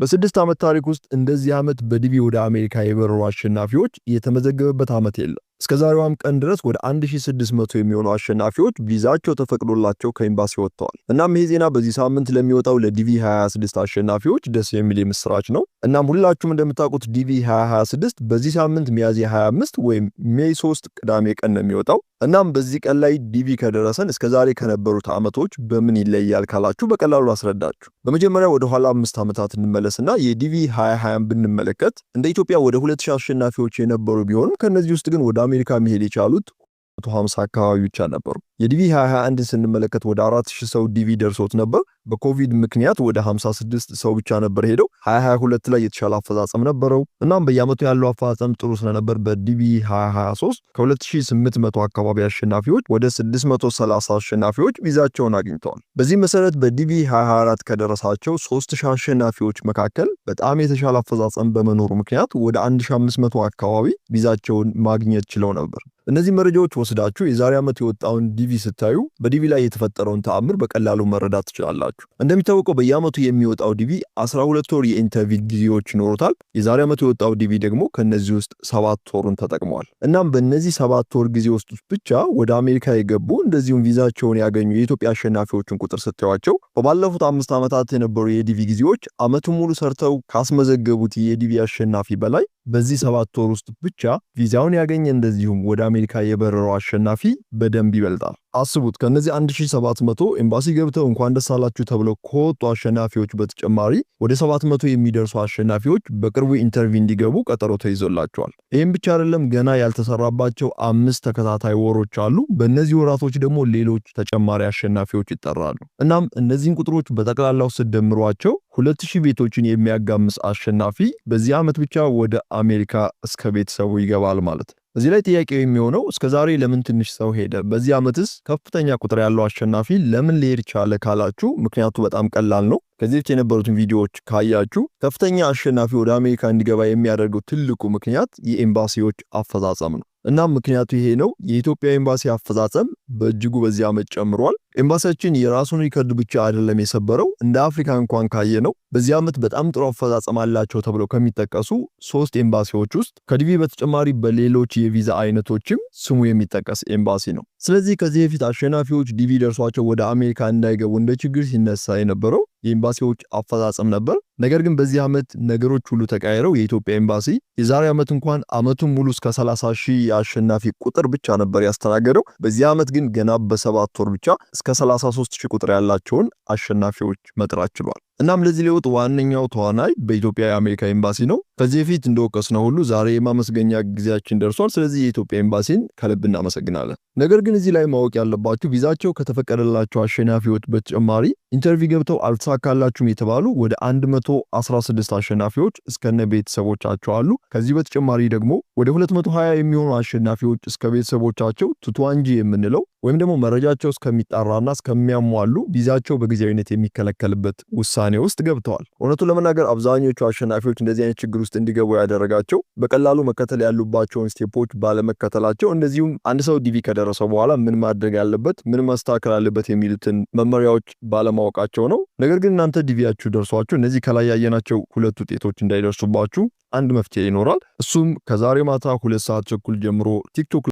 በስድስት ዓመት ታሪክ ውስጥ እንደዚህ ዓመት በዲቪ ወደ አሜሪካ የበረሩ አሸናፊዎች የተመዘገበበት ዓመት የለም። እስከ ዛሬዋም ቀን ድረስ ወደ 1600 የሚሆኑ አሸናፊዎች ቪዛቸው ተፈቅዶላቸው ከኤምባሲ ወጥተዋል። እናም ይሄ ዜና በዚህ ሳምንት ለሚወጣው ለዲቪ 26 አሸናፊዎች ደስ የሚል የምስራች ነው። እናም ሁላችሁም እንደምታውቁት ዲቪ 2026 በዚህ ሳምንት ሚያዝያ 25 ወይም ሜይ 3 ቅዳሜ ቀን ነው የሚወጣው። እናም በዚህ ቀን ላይ ዲቪ ከደረሰን እስከ ዛሬ ከነበሩት ዓመቶች በምን ይለያል ካላችሁ በቀላሉ አስረዳችሁ። በመጀመሪያ ወደ ኋላ አምስት ዓመታት እንመለስና የዲቪ 2020 ብንመለከት እንደ ኢትዮጵያ ወደ 2000 አሸናፊዎች የነበሩ ቢሆንም ከእነዚህ ውስጥ ግን ወደ Amerika Mihaili Çağlut 150 አካባቢ ብቻ ነበሩ። የዲቪ 21 ስንመለከት ወደ 4000 ሰው ዲቪ ደርሶት ነበር። በኮቪድ ምክንያት ወደ 56 ሰው ብቻ ነበር ሄደው 2022 ላይ የተሻለ አፈጻጸም ነበረው። እናም በየአመቱ ያለው አፈጻጸም ጥሩ ስለነበር በዲቪ 2023 ከ2800 አካባቢ አሸናፊዎች ወደ 630 አሸናፊዎች ቪዛቸውን አግኝተዋል። በዚህ መሰረት በዲቪ 2024 ከደረሳቸው 3000 አሸናፊዎች መካከል በጣም የተሻለ አፈጻጸም በመኖሩ ምክንያት ወደ 1500 አካባቢ ቪዛቸውን ማግኘት ችለው ነበር። እነዚህ መረጃዎች ወስዳችሁ የዛሬ ዓመት የወጣውን ዲቪ ስታዩ በዲቪ ላይ የተፈጠረውን ተአምር በቀላሉ መረዳት ትችላላችሁ። እንደሚታወቀው በየዓመቱ የሚወጣው ዲቪ 12 ወር የኢንተርቪው ጊዜዎች ይኖሩታል። የዛሬ ዓመት የወጣው ዲቪ ደግሞ ከእነዚህ ውስጥ ሰባት ወሩን ተጠቅመዋል። እናም በእነዚህ ሰባት ወር ጊዜ ውስጥ ብቻ ወደ አሜሪካ የገቡ እንደዚሁም ቪዛቸውን ያገኙ የኢትዮጵያ አሸናፊዎችን ቁጥር ስታዩቸው በባለፉት አምስት ዓመታት የነበሩ የዲቪ ጊዜዎች ዓመቱን ሙሉ ሰርተው ካስመዘገቡት የዲቪ አሸናፊ በላይ በዚህ ሰባት ወር ውስጥ ብቻ ቪዛውን ያገኘ እንደዚሁም ወደ አሜሪካ የበረረው አሸናፊ በደንብ ይበልጣል። አስቡት ከነዚህ 1700 ኤምባሲ ገብተው እንኳን ደስ አላችሁ ተብለው ከወጡ አሸናፊዎች በተጨማሪ ወደ 700 የሚደርሱ አሸናፊዎች በቅርቡ ኢንተርቪው እንዲገቡ ቀጠሮ ተይዞላቸዋል። ይህም ብቻ አይደለም፣ ገና ያልተሰራባቸው አምስት ተከታታይ ወሮች አሉ። በእነዚህ ወራቶች ደግሞ ሌሎች ተጨማሪ አሸናፊዎች ይጠራሉ። እናም እነዚህን ቁጥሮች በጠቅላላው ስደምሯቸው 2000 ቤቶችን የሚያጋምስ አሸናፊ በዚህ ዓመት ብቻ ወደ አሜሪካ እስከ ቤተሰቡ ይገባል ማለት ነው። እዚህ ላይ ጥያቄው የሚሆነው እስከዛሬ ለምን ትንሽ ሰው ሄደ? በዚህ ዓመትስ ከፍተኛ ቁጥር ያለው አሸናፊ ለምን ሊሄድ ቻለ ካላችሁ ምክንያቱ በጣም ቀላል ነው። ከዚህ በፊት የነበሩትን ቪዲዮዎች ካያችሁ ከፍተኛ አሸናፊ ወደ አሜሪካ እንዲገባ የሚያደርገው ትልቁ ምክንያት የኤምባሲዎች አፈጻጸም ነው። እናም ምክንያቱ ይሄ ነው። የኢትዮጵያ ኤምባሲ አፈጻጸም በእጅጉ በዚህ ዓመት ጨምሯል። ኤምባሲያችን የራሱን ሪከርድ ብቻ አይደለም የሰበረው፣ እንደ አፍሪካ እንኳን ካየ ነው በዚህ ዓመት በጣም ጥሩ አፈጻጸም አላቸው ተብለው ከሚጠቀሱ ሶስት ኤምባሲዎች ውስጥ ከዲቪ በተጨማሪ በሌሎች የቪዛ አይነቶችም ስሙ የሚጠቀስ ኤምባሲ ነው። ስለዚህ ከዚህ በፊት አሸናፊዎች ዲቪ ደርሷቸው ወደ አሜሪካ እንዳይገቡ እንደ ችግር ሲነሳ የነበረው የኤምባሲዎች አፈጻጸም ነበር። ነገር ግን በዚህ ዓመት ነገሮች ሁሉ ተቃይረው የኢትዮጵያ ኤምባሲ የዛሬ ዓመት እንኳን ዓመቱን ሙሉ እስከ 30 ሺህ የአሸናፊ ቁጥር ብቻ ነበር ያስተናገደው። በዚህ ዓመት ግን ገና በሰባት ወር ብቻ እስከ 33 ሺህ ቁጥር ያላቸውን አሸናፊዎች መጥራት ችሏል። እናም ለዚህ ለውጥ ዋነኛው ተዋናይ በኢትዮጵያ የአሜሪካ ኤምባሲ ነው። ከዚህ በፊት እንደወቀስ ነው ሁሉ ዛሬ የማመስገኛ ጊዜያችን ደርሷል። ስለዚህ የኢትዮጵያ ኤምባሲን ከልብ እናመሰግናለን። ነገር ግን እዚህ ላይ ማወቅ ያለባችሁ ቪዛቸው ከተፈቀደላቸው አሸናፊዎች በተጨማሪ ኢንተርቪው ገብተው አልተሳካላችሁም የተባሉ ወደ 116 አሸናፊዎች እስከነ ቤተሰቦቻቸው አሉ። ከዚህ በተጨማሪ ደግሞ ወደ 220 የሚሆኑ አሸናፊዎች እስከ ቤተሰቦቻቸው ቱቱዋንጂ የምንለው ወይም ደግሞ መረጃቸው እስከሚጣራና እስከሚያሟሉ ቪዛቸው በጊዜያዊነት የሚከለከልበት ውሳኔ ውስጥ ገብተዋል። እውነቱን ለመናገር አብዛኞቹ አሸናፊዎች እንደዚህ አይነት ችግር ውስጥ እንዲገቡ ያደረጋቸው በቀላሉ መከተል ያሉባቸውን ስቴፖች ባለመከተላቸው፣ እንደዚሁም አንድ ሰው ዲቪ ከደረሰ በኋላ ምን ማድረግ ያለበት ምን መስተካከል አለበት የሚሉትን መመሪያዎች ባለማወቃቸው ነው። ነገር ግን እናንተ ዲቪያችሁ ደርሷችሁ እነዚህ ከላይ ያየናቸው ሁለት ውጤቶች እንዳይደርሱባችሁ አንድ መፍትሄ ይኖራል። እሱም ከዛሬ ማታ ሁለት ሰዓት ቸኩል ጀምሮ ቲክቶክ